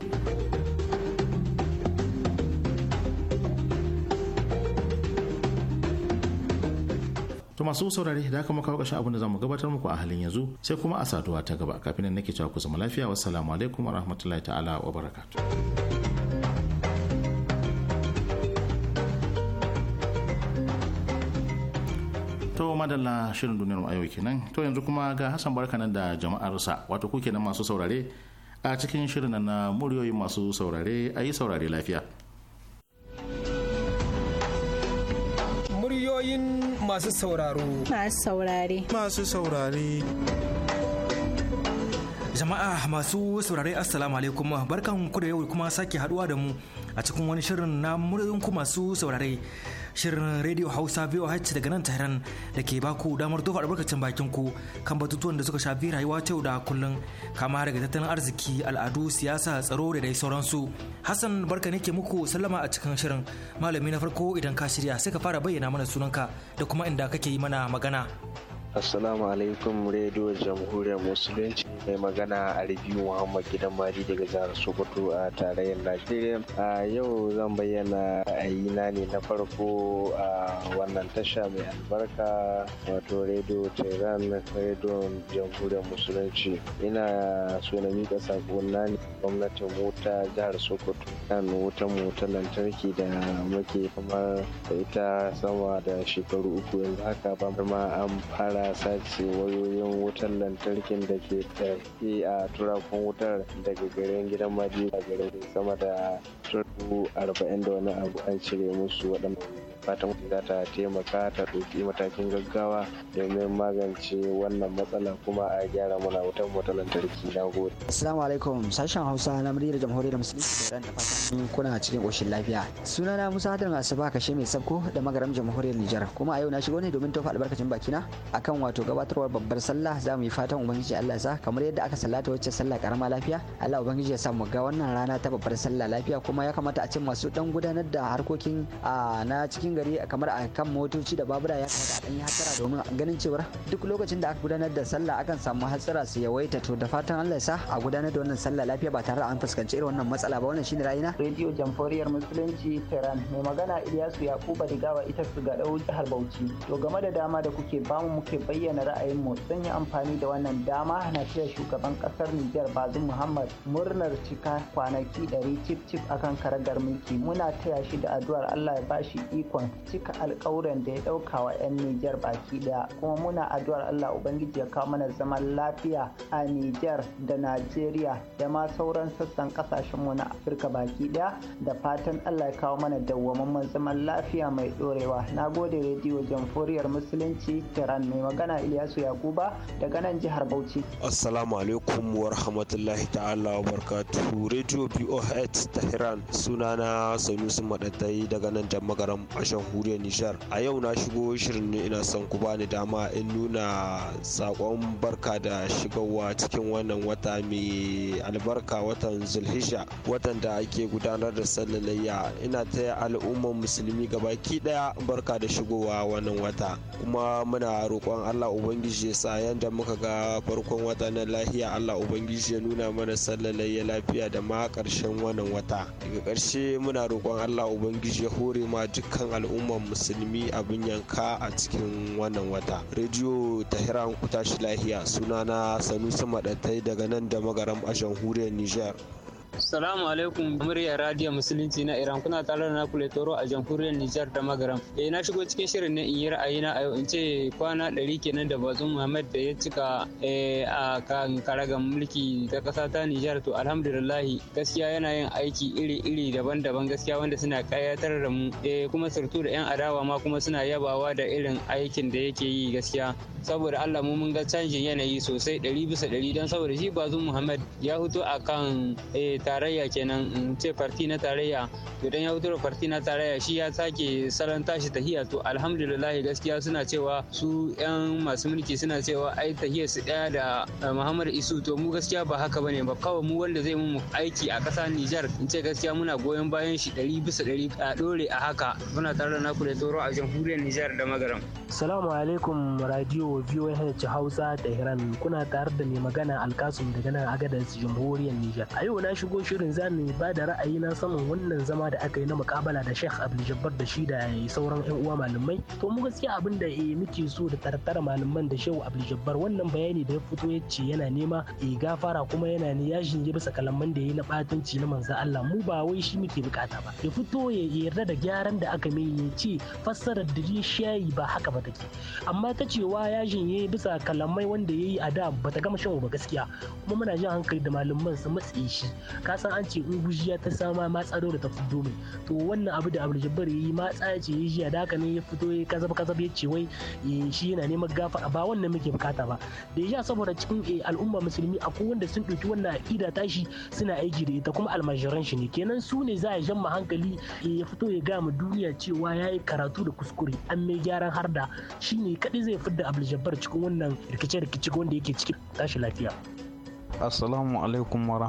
to masu saurare da kuma kawo kashin abin da zamu gabatar muku a halin yanzu sai kuma a saduwa ta gaba kafin nan nake cewa ku zama lafiya assalamu alaikum wa rahmatullahi ta'ala wa barakatuh to madalla shirin duniyar a yau kenan to yanzu kuma ga hassan barka nan da jama'arsa wato kuke nan masu saurare a cikin shirin na muryoyin masu saurare a yi saurare lafiya muryoyin masu sauraro. Masu saurare. Masu saurare. Jama'a masu saurare Assalamu alaikum barkan ku da yau kuma sake haduwa da mu a cikin wani shirin na muryoyin masu saurare. shirin Radio Hausa VOH daga nan Tehran da ke baku damar tofa albarkacin bakin ku kan batutuwan da suka shafi rayuwa ta yau da kullun kama daga tattalin arziki, al'adu, siyasa, tsaro da dai sauransu. Hassan barka ne ke muku sallama a cikin shirin. Malami na farko idan ka shirya sai ka fara bayyana mana sunanka da kuma inda kake yi mana magana. Assalamu alaikum Radio Jamhuriyar Musulunci mai magana a Rabiu Muhammad Gidan Mari daga jihar Sokoto a tarayyar Najeriya. A yau zan bayyana ra'ayina ne na farko a wannan tasha mai albarka wato Radio Tehran Radio Jamhuriyar Musulunci. Ina so na mika sako na ne gwamnatin mota jihar Sokoto kan wutan mota lantarki da muke Kamar ita sama da shekaru uku yanzu haka ba ma an fara ana sace wayoyin wutar lantarkin da ke tafi a turakun wutar daga garin gidan madi a garin sama da turu arba'in da wani abu an cire musu waɗanda fatan za ta taimaka ta ɗauki matakin gaggawa domin magance wannan matsala kuma a gyara mana mu ta lantarki na gode. Assalamu alaikum sashen Hausa na muryar jamhuriyar musulunci da da fatan kuna cikin ƙoshin lafiya. Sunana Musa Hadarin Asuba kashe mai sabko da magaram jamhuriyar Nijar kuma a yau na shigo ne domin tofa albarkacin bakina akan wato gabatarwar babbar sallah za mu yi fatan ubangiji Allah sa kamar yadda aka sallata wacce sallah karama lafiya Allah ubangiji ya sa mu ga wannan rana ta babbar sallah lafiya kuma ya kamata a ce masu dan gudanar da harkokin na cikin gari kamar a kan motoci da babura ya kamata a ɗan yi hatsara domin ganin cewar duk lokacin da aka gudanar da sallah akan samu hatsara su yawaita to da fatan Allah sa a gudanar da wannan sallah lafiya ba tare da an fuskanci irin wannan matsala ba wannan shine ra'ayina. Radio Jamhuriyar Musulunci Tehran mai magana Ilyasu Yakuba rigawa ita su ga dau jihar Bauchi. To game da dama da kuke bamu muke bayyana ra'ayin mu. zan yi amfani da wannan dama na cewa shugaban ƙasar Nijar Bazum Muhammad murnar cika kwanaki ɗari cif cif akan karagar mulki muna taya shi da addu'ar Allah ya bashi ikon cika alkawuran da ya ɗauka wa 'yan Nijar baki ɗaya kuma muna addu'ar Allah Ubangiji ya kawo mana zaman lafiya a Nijar da Najeriya da ma sauran sassan mu na Afirka baki ɗaya da fatan Allah ya kawo mana dawwamamman zaman lafiya mai ɗorewa. Na gode rediyo jamhuriyar musulunci tiran mai magana Ilyasu Yakuba daga nan jihar Bauchi. Assalamu alaikum wa rahmatullahi ta'ala wa Radio BOH Tehran sunana Sanusi Madatai daga nan jamagaram jamhuriyar Nijar. A yau na shigo shirin ne ina son ku bani dama in nuna sakon barka da shigowa cikin wannan wata mai albarka watan zulhisha watan da ake gudanar da sallalayya ina taya al'ummar musulmi gabaki daya barka da shigowa wannan wata kuma muna roƙon Allah ubangiji ya sa yanda muka ga farkon wata na lahiya Allah ubangiji ya nuna mana sallalayya lafiya da ma karshen wannan wata daga karshe muna roƙon Allah ubangiji ya hore ma dukkan al'ummar musulmi abin yanka a cikin wannan wata rediyo tahiran kutashi tashi lahiya sunana sanusi madatai daga nan da magaram a jamhuriyar Nijar. Salamu alaikum muryar Radio Musulunci na Iran kuna tare da Nakule Toro a jamhuriyar Nijar da Magaram. Eh na shigo cikin shirin ne in yi ra'ayina a yau in ce kwana ɗari kenan da Bazum Muhammad da ya cika eh, a kan karagan mulki ta ƙasa ta Nijar to alhamdulillahi gaskiya yana yin aiki iri-iri daban-daban gaskiya wanda suna ƙayatar da mu eh kuma surtu da 'yan adawa ma kuma suna yabawa da irin aikin da yake yi gaskiya saboda Allah mu mun ga canjin yanayi sosai ɗari bisa ɗari don saboda shi Bazum Muhammad ya fito akan eh tarayya kenan in ce farti na tarayya idan ya fito da farti na tarayya shi ya sake salon tashi tahiya to alhamdulillah gaskiya suna cewa su yan masu mulki suna cewa ai tahiyar su daya da eh, Muhammad Isu to mu gaskiya ba haka bane ba kawai mu wanda zai mu aiki a ƙasa Nijar in ce gaskiya muna goyon bayan shi ɗari bisa ɗari a ɗore a haka muna tare da naku da toro a jamhuriyar Nijar da Magaram. Salamu alaikum radio VOH Hausa da Hiran kuna tare da mai magana Alkasum daga nan Agadar jamhuriyar Nijar. A yau na shi shigo shirin za mu ba da ra'ayi na saman wannan zama da aka yi na mukabala da Sheikh Abdul da shi da sauran yan uwa malamai. To mu gaskiya abin da eh, muke so da tartara malaman da Shehu Abdul wannan bayani da ya fito ya ce yana nema e gafara kuma yana ne ya shinge bisa kalaman da ya yi na batunci na manzo Allah mu ba wai shi muke bukata ba. Ya fito ya yarda da gyaran da aka mai ya ce fassarar da shayi ba haka ba take. Amma ta cewa ya shinge bisa kalamai wanda ya yi a da bata gama shan ba gaskiya kuma muna jin hankali da malaman su matse shi ka san an ce in ta sama matsa tsaro da ta fito mai to wannan abu da abu jabbar yi ma tsaya ce ya jiya da haka ne ya fito ya kazab kazab ya ce wai eh, shi yana neman gafa ba wannan muke bukata ba da ya saboda cikin eh, al'umma musulmi akwai wanda sun ɗauki wannan aƙida tashi suna aiki da ita kuma almajiran shi ne kenan su ne za a jan hankali eh, ya fito ya ga mu duniya cewa ya yi karatu da kuskure an mai gyaran harda ne kaɗai zai fidda da jabbar cikin wannan rikice-rikice wanda yake cikin tashi lafiya. Assalamu alaikum wa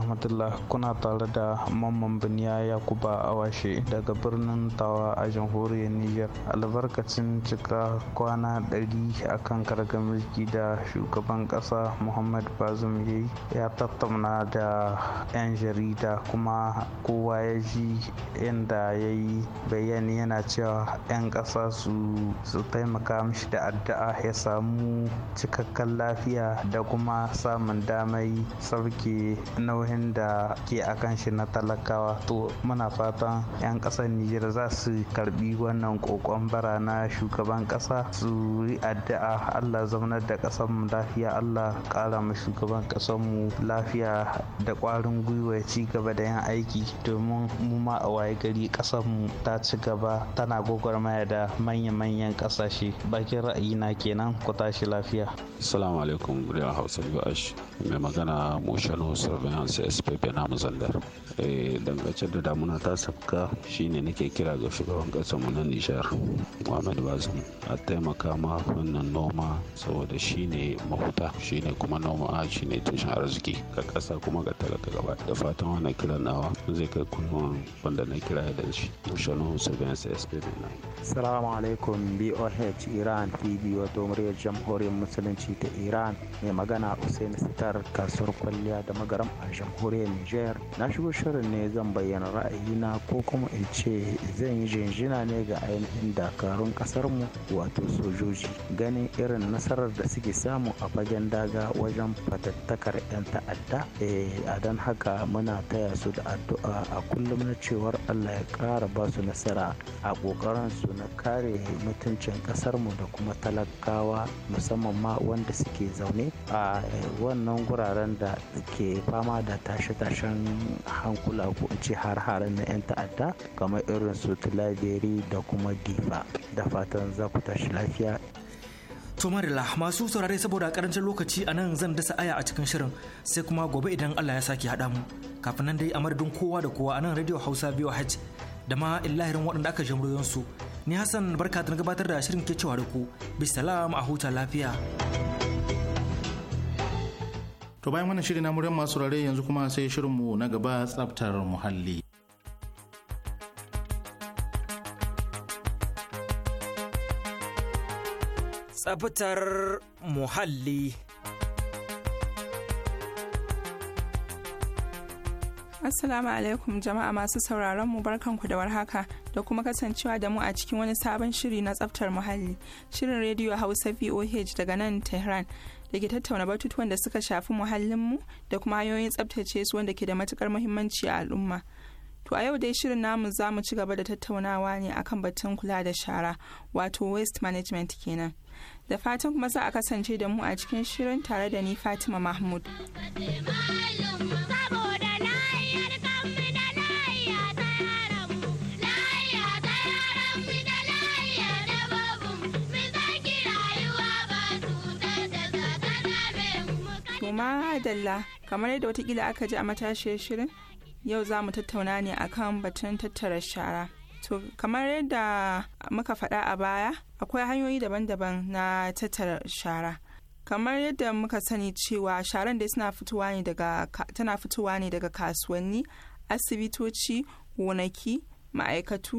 kuna tare da mamman biniya Yakuba Awashe daga birnin Tawa a jamhuriyar Niger. Albarkacin cika kwana ɗari a kan mulki da shugaban ƙasa Muhammad Bazoum ya ya tattauna da 'yan jarida kuma kowa ya ji inda ya yi bayani yana cewa 'yan ƙasa su su taimaka mishi da addu'a ya samu cikakken lafiya da kuma samun damai sauke nauyin da ke a kan shi na talakawa to muna fatan 'yan ƙasar nijar za su karbi wannan kokon bara na shugaban ƙasa su yi addu'a allah zaunar da kasar mu lafiya allah ƙara ma shugaban kasar mu lafiya da ƙwarin gwiwa ci gaba da yin aiki domin mu ma a waye gari kasar mu ta ci gaba tana gwagwarmaya da manya-manyan ƙasashe bakin ra'ayi na kenan ku tashi lafiya assalamu alaikum gudun hausa mai magana motion of surveillance spp na muzandar eh, dangance da damuna ta sabka shine nake kira ga shugaban mu na nijar muhammad bazum a taimaka ma wannan noma saboda shine shi shine kuma noma shine tushen arziki ga kasa kuma ga talaka gaba da fatan wannan kiran nawa zai kai kunnuwan wanda na kira da shi motion surveillance spp na assalamu alaikum boh iran tv wato muryar jamhuriyar musulunci ta iran mai magana usain sitar kasuwar unguwar kwalliya da magaram a jamhuriyar Nijar. Na shigo shirin ne zan bayyana ra'ayi na ko kuma in ce zan yi jinjina ne ga ainihin dakarun mu wato sojoji ganin irin nasarar da suke samu a fagen daga wajen fatattakar 'yan ta'adda eh, a don haka muna taya su da addu'a a kullum na cewar Allah ya kara ba su nasara a kokarin su na kare mutuncin mu da kuma talakawa musamman ma wanda suke zaune a eh, wannan guraren da ke fama da tashe-tashen hankula ko ce har hare na 'yan ta'adda kamar irin su tilaberi da kuma difa da fatan za ku tashi lafiya To Marila masu saurare saboda karancin lokaci a nan zan dasa aya a cikin shirin sai kuma gobe idan Allah ya sake haɗa mu. Kafin nan dai a madadin kowa da kowa a nan Radio Hausa biyu VOH da ma illahirin waɗanda aka jamuriyon su. Ni Hassan barka da gabatar da shirin ke cewa da ku. Bisalam a huta lafiya. to bayan wannan shiri na muryar masu rare yanzu kuma sai shirinmu na gaba tsabtar muhalli tsabtar muhalli Assalamu alaikum jama'a masu sauraron mu ku da warhaka da kuma kasancewa da mu a cikin wani sabon shiri na tsaftar muhalli. Shirin rediyo Hausa VOH daga nan Tehran da ke tattauna batutuwan da suka shafi muhallinmu da kuma hanyoyin tsabtace su wanda ke da matukar muhimmanci a al'umma. To a yau dai shirin namu za mu ci gaba da tattaunawa ne akan batun kula da shara wato waste management kenan. Da fatan kuma za a kasance da mu a cikin shirin tare da ni Fatima Mahmud. Saboda na dalla kamar yadda watakila aka ji a matashiyar shirin yau za mu tattauna ne akan batun tattara shara to kamar yadda muka faɗa a baya akwai hanyoyi daban-daban na tattara shara kamar yadda muka sani cewa sharan da tana fitowa ne daga kasuwanni asibitoci gonaki ma'aikatu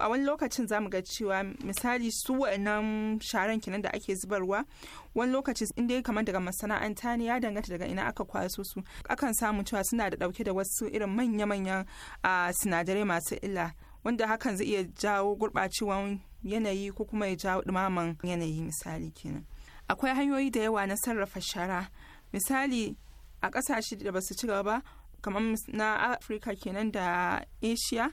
a wani lokacin za mu ga cewa misali su wa'annan sharan kenan da ake zubarwa wani lokaci in dai kamar daga masana'anta ne ya danganta daga ina aka kwaso su akan samu cewa suna da dauke da wasu irin manya-manyan sinadarai masu illa wanda hakan zai iya jawo gurɓacewan yanayi ko kuma ya jawo ɗumaman yanayi misali kenan akwai hanyoyi da yawa na sarrafa shara misali a kasashe da ba su ci gaba kamar na afirka kenan da asia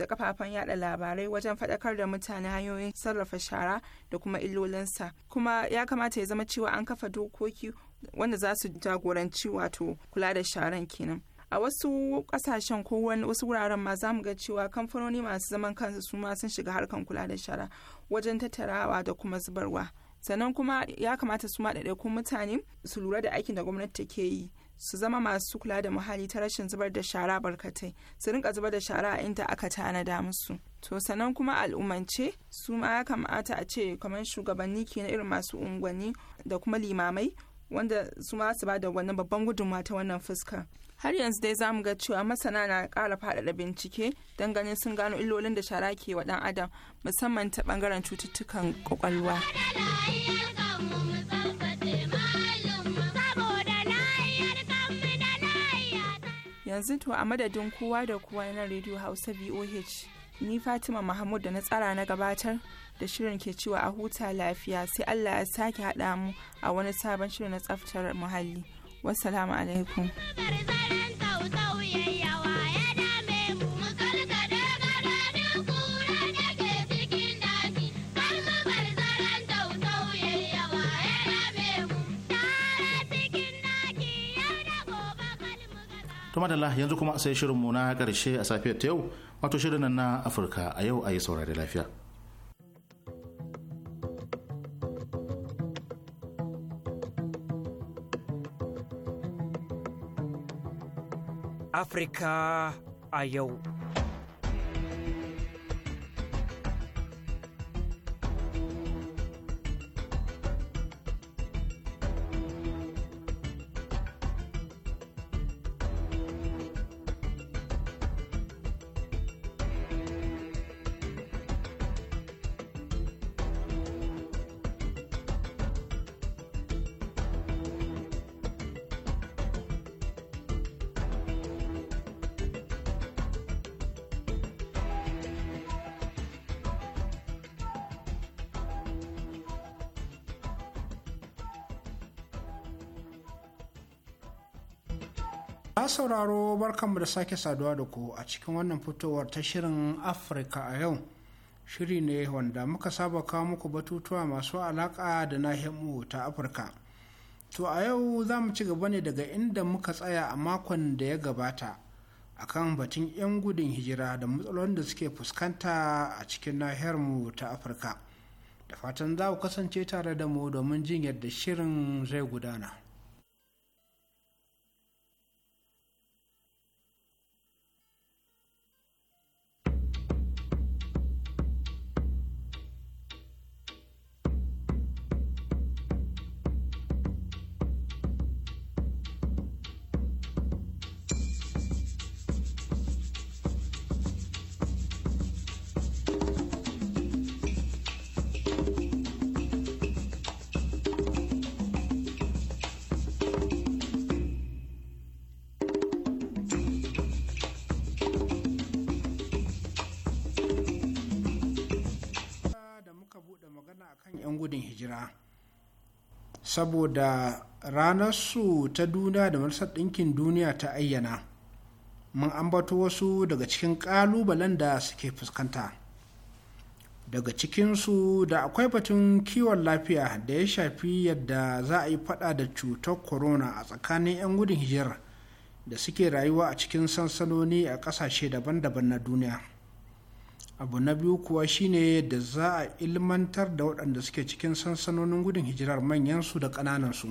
da kafafen yada labarai wajen faɗakar da mutane hanyoyin sarrafa shara da kuma illolinsa kuma ya kamata ya zama cewa an kafa dokoki wanda za su jagoranci wato kula da sharan kenan a wasu kasashen ko wasu wuraren ma za mu ga cewa kamfanoni masu zaman kansu su ma sun shiga harkan kula da shara wajen tattarawa da kuma zubarwa sannan kuma ya kamata su ma ɗaiɗaikun mutane su lura da aikin da gwamnati take yi su zama masu kula da muhalli ta rashin zubar da shara barkatai su rinka zubar da shara a inda aka tanada musu to sannan kuma al'umance su ma ya kamata a ce kamar shugabanni ke na irin masu unguwanni da kuma limamai wanda su ma su ba da wani babban gudunmawa ta wannan fuska har yanzu dai zamu ga cewa masana na ƙara faɗaɗa bincike don ganin sun gano illolin da shara ke wa ɗan adam musamman ta ɓangaren cututtukan ƙwaƙwalwa. yanzu to a madadin kowa da kowa na radio hausa voh ni fatima mahmud da na tsara na gabatar da shirin ke cewa a huta lafiya sai allah ya sake haɗa mu a wani sabon shirin na tsaftar muhalli wassalamu alaikum to madalla yanzu kuma sai shirinmu na karshe a safiyar ta yau wato shirin nan na afirka a yau a yi saurari lafiya afirka a yau a sauraro barkanmu da sake saduwa da ku a cikin wannan fitowar ta shirin afirka a yau shiri ne wanda muka saba kawo muku batutuwa masu alaƙa da nahiyarmu ta afirka to a yau za mu ci gaba ne daga inda muka tsaya a makon da ya gabata a kan batun 'yan gudun hijira da matsalolin da suke fuskanta a cikin nahiyarmu ta afirka da fatan za ku kasance tare da mu domin jin yadda shirin zai gudana saboda ranar su ta duniya da majalisar ɗinkin duniya ta ayyana mun ambato wasu daga cikin ƙalubalen da suke fuskanta daga cikinsu da akwai batun kiwon lafiya da ya shafi yadda za a yi fada da cutar corona a tsakanin 'yan gudun hijirar da suke rayuwa a cikin sansanoni a ƙasashe daban-daban na duniya. abu na biyu kuwa shine yadda za a ilmantar da waɗanda suke cikin sansanonin gudun hijirar manyan su da ƙananansu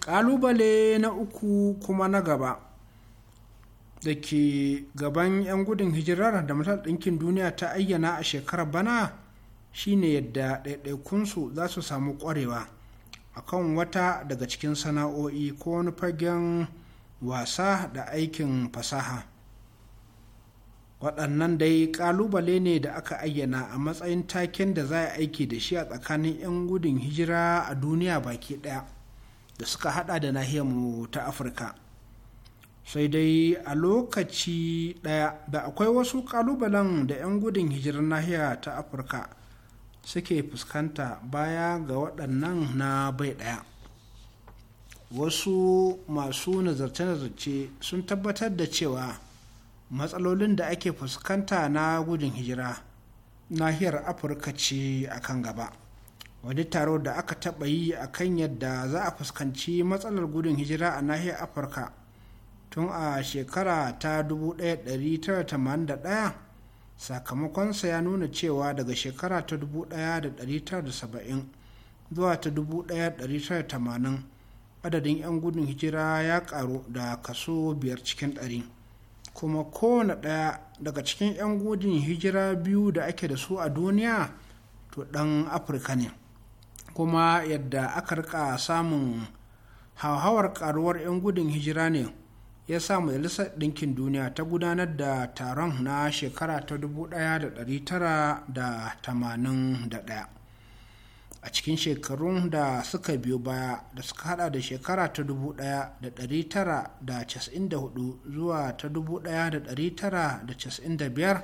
ƙalubale na uku kuma na gaba da ke gaban 'yan gudun hijirar da matar ɗinkin duniya ta ayyana a shekarar bana shine yadda ɗaiɗaikunsu za su samu ƙwarewa a kan wata daga cikin sana'o'i ko wani fagen wasa da aikin fasaha. waɗannan dai ƙalubale ne da aka ayyana a matsayin taken da za a aiki da shi a tsakanin 'yan gudun hijira a duniya baki ɗaya da suka haɗa da nahiyarmu ta afirka sai dai a lokaci ɗaya da akwai wasu ƙalubalen da 'yan gudun hijirar nahiya ta afirka suke fuskanta baya ga waɗannan na bai ɗaya wasu masu nazarce-nazarce sun tabbatar da cewa matsalolin da ake fuskanta na gudun hijira nahiyar afirka ce a kan gaba wani taro da aka taɓa yi a kan yadda za a fuskanci matsalar gudun hijira a nahiyar afirka tun a shekara ta 1981 sakamakonsa ya nuna cewa daga shekara ta 1970 zuwa ta 1980 adadin 'yan gudun hijira ya karu da kaso biyar cikin ɗari. kuma kowane ɗaya daga cikin 'yan gudun hijira biyu da ake da su a duniya to ɗan afirka ne kuma yadda aka rika samun hauhawar karuwar 'yan gudun hijira ne ya sa majalisar ɗinkin duniya ta gudanar da taron na shekara ta 1981 a cikin shekarun da suka biyo baya da suka hada da shekara ta 1994 zuwa ta 1995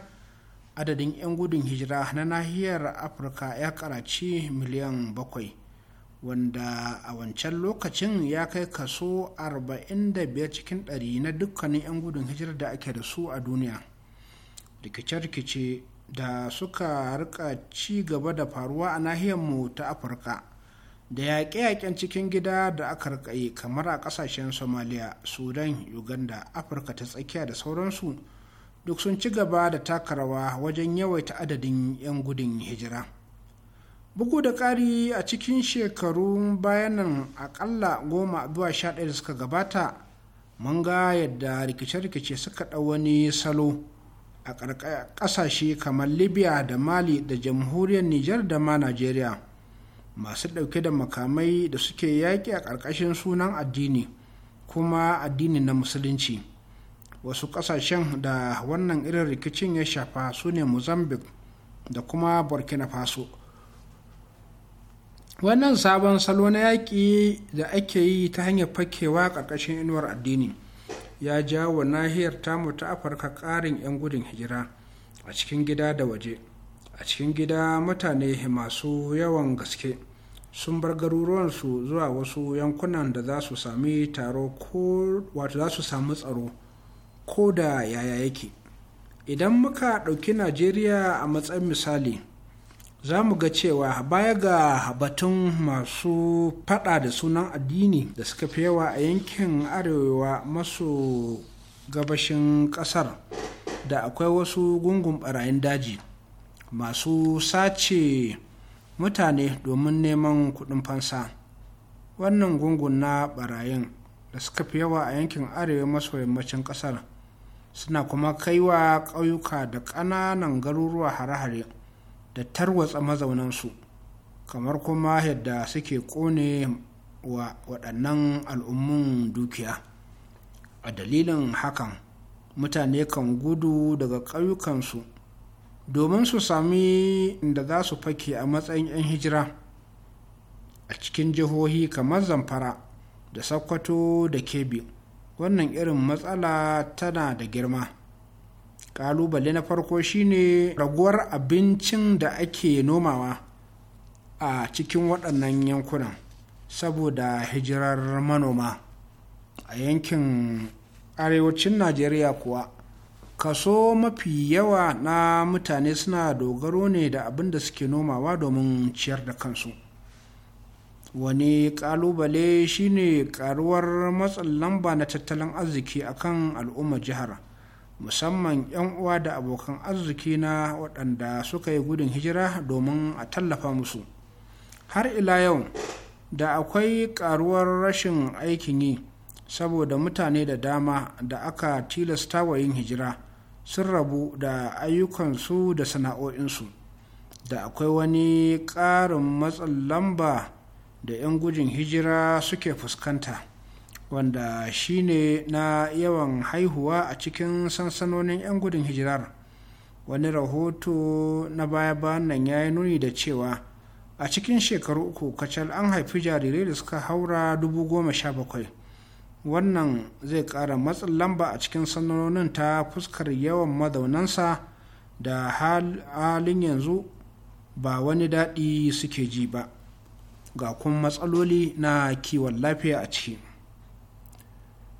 adadin 'yan gudun hijira na nahiyar afirka ya karaci miliyan bakwai wanda a wancan lokacin ya kai kaso 45 cikin 100 na dukkanin 'yan gudun hijirar da ake da su a duniya rikice-rikice da suka rika ci gaba da faruwa a nahiyarmu ta afirka da yaƙe-yaƙen cikin gida da aka rika yi kamar a ƙasashen somaliya sudan uganda afirka ta tsakiya da sauransu duk sun ci gaba da takarawa wajen yawaita adadin 'yan gudun hijira bugu da ƙari a cikin shekaru bayanan akalla goma zuwa sha ɗaya da suka gabata mun ga yadda rikice-rikice suka ɗau wani salo a ƙasashe kamar libya da mali da jamhuriyar niger da ma nigeria masu ɗauke da makamai da suke yaƙi a ƙarƙashin sunan addini kuma addini na musulunci wasu ƙasashen da wannan irin rikicin ya shafa su ne mozambique da kuma burkina faso wannan sabon salo na yaƙi da ake yi ta hanyar fakewa ƙarƙashin inuwar addini ya ja wa nahiyar tamu ta afirka ƙarin 'yan gudun hijira a cikin gida da waje a cikin gida mutane masu yawan gaske sun bar garuruwansu zuwa wasu yankunan da za su sami taro ko wato za su sami tsaro ko da yaya yake idan muka ɗauki najeriya a matsayin misali za mu ga cewa baya ga batun masu fada da sunan addini da suka fi yawa a yankin arewa maso gabashin kasar da akwai wasu gungun barayin daji masu sace mutane domin neman kudin fansa wannan gungun na barayin da suka fi yawa a yankin arewa maso yammacin kasar suna kuma kaiwa ƙauyuka da ƙananan garuruwa hare-hare da tarwatsa mazaunansu kamar kuma yadda suke kone wa waɗannan al'ummun dukiya a dalilin hakan mutane kan gudu daga ƙauyukansu domin su sami inda za su fake a matsayin 'yan hijira a cikin jihohi kamar zamfara da sakkwato da kebbi wannan irin matsala tana da girma kalubale na farko shine raguwar abincin da ake nomawa a cikin waɗannan yankunan saboda hijirar manoma a yankin arewacin najeriya kuwa kaso mafi yawa na mutane suna dogaro ne da abin da suke nomawa domin ciyar da kansu wani kalubale shine karuwar matsin lamba na tattalin arziki akan al'ummar jihar musamman 'yan uwa da abokan arziki na waɗanda suka yi gudun hijira domin a tallafa musu har ila yau da akwai karuwar rashin aikin yi saboda mutane da dama da aka tilasta wa yin hijira sun rabu da ayyukansu da sana'o'insu da akwai wani ƙarin matsin lamba da 'yan gujin hijira suke fuskanta. wanda shine na yawan haihuwa a cikin sansanonin 'yan gudun hijirar wani rahoto na baya nan ya yi nuni da cewa a cikin shekaru uku kacal an haifi jarirai da suka haura dubu goma sha bakwai wannan zai kara matsin lamba a cikin sanonin ta fuskar yawan mazaunansa da halin yanzu ba wani daɗi suke ji ba ga kuma matsaloli na kiwon lafiya a ciki.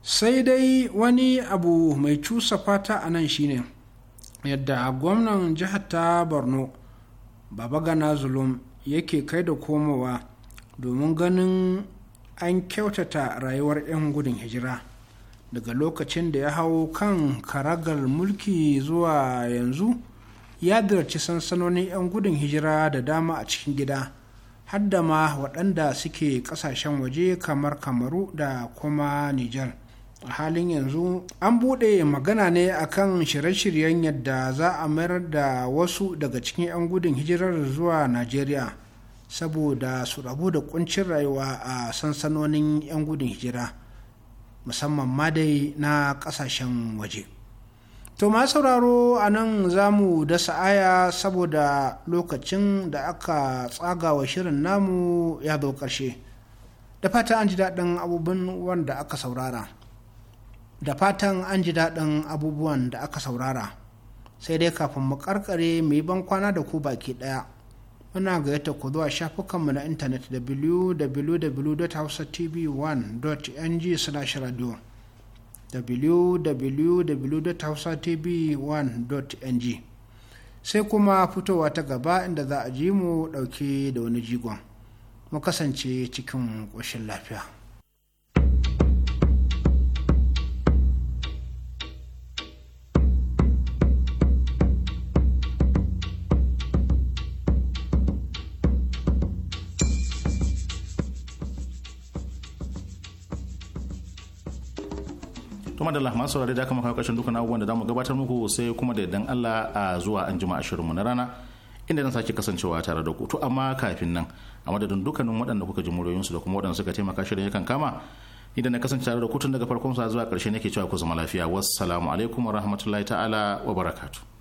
sai dai wani abu mai cusa fata a nan shine yadda gwamnan jihar ta borno baba gana zulum yake kai da komowa domin ganin an kyautata rayuwar 'yan gudun hijira daga lokacin da ya hau kan karagar mulki zuwa yanzu ya dirci sansanonin 'yan gudun hijira da dama a cikin gida haddama ma waɗanda suke ƙasashen waje kamar kamaru da kuma nijar a halin yanzu an buɗe magana ne akan shirye-shiryen yadda za a mayar da wasu daga cikin 'yan gudun hijirar zuwa najeriya saboda su rabu da kuncin rayuwa a sansanonin 'yan gudun hijira musamman ma dai na ƙasashen waje to ma sauraro a nan za mu dasa aya saboda lokacin da aka tsagawa shirin namu ya zo ƙarshe da fata an ji daɗin abubuwan wanda aka saurara da fatan an ji daɗin abubuwan da aka saurara sai dai kafin mu karkare mu yi ban kwana da ku baki ɗaya muna gayyata ku zuwa shafukanmu na intanet www.hausatv1.ng/radio www.hausatv1.ng sai kuma fitowa ta gaba inda za a ji mu ɗauke da wani jigon mu kasance cikin ƙoshin lafiya. kuma da lahman saurari da aka maka kashin dukkan abubuwan da mu gabatar muku sai kuma da dan Allah a zuwa an jima ashirinmu na rana inda zan sake kasancewa tare da ku to amma kafin nan a madadin dukkanin waɗanda kuka ji muryoyinsu da kuma waɗanda suka taimaka shirin yakan kama idan na kasance tare da kutun daga farkon sa zuwa ƙarshe nake cewa ku zama lafiya wassalamu alaikum wa rahmatullahi ta'ala wa barakatuh